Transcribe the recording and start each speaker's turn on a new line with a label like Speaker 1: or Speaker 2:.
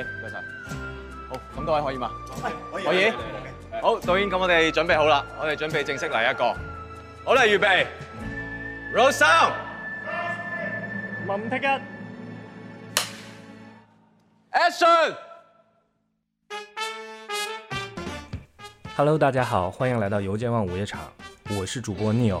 Speaker 1: 唔該晒！好，咁多位可以嘛？可以，好，導演，咁我哋準備好啦，我哋準備正式嚟一個，好啦，預備，Roll sound，林聽
Speaker 2: 一，Action，Hello，
Speaker 1: 大家好，歡迎來到油尖旺午夜場，我是主播 Neil。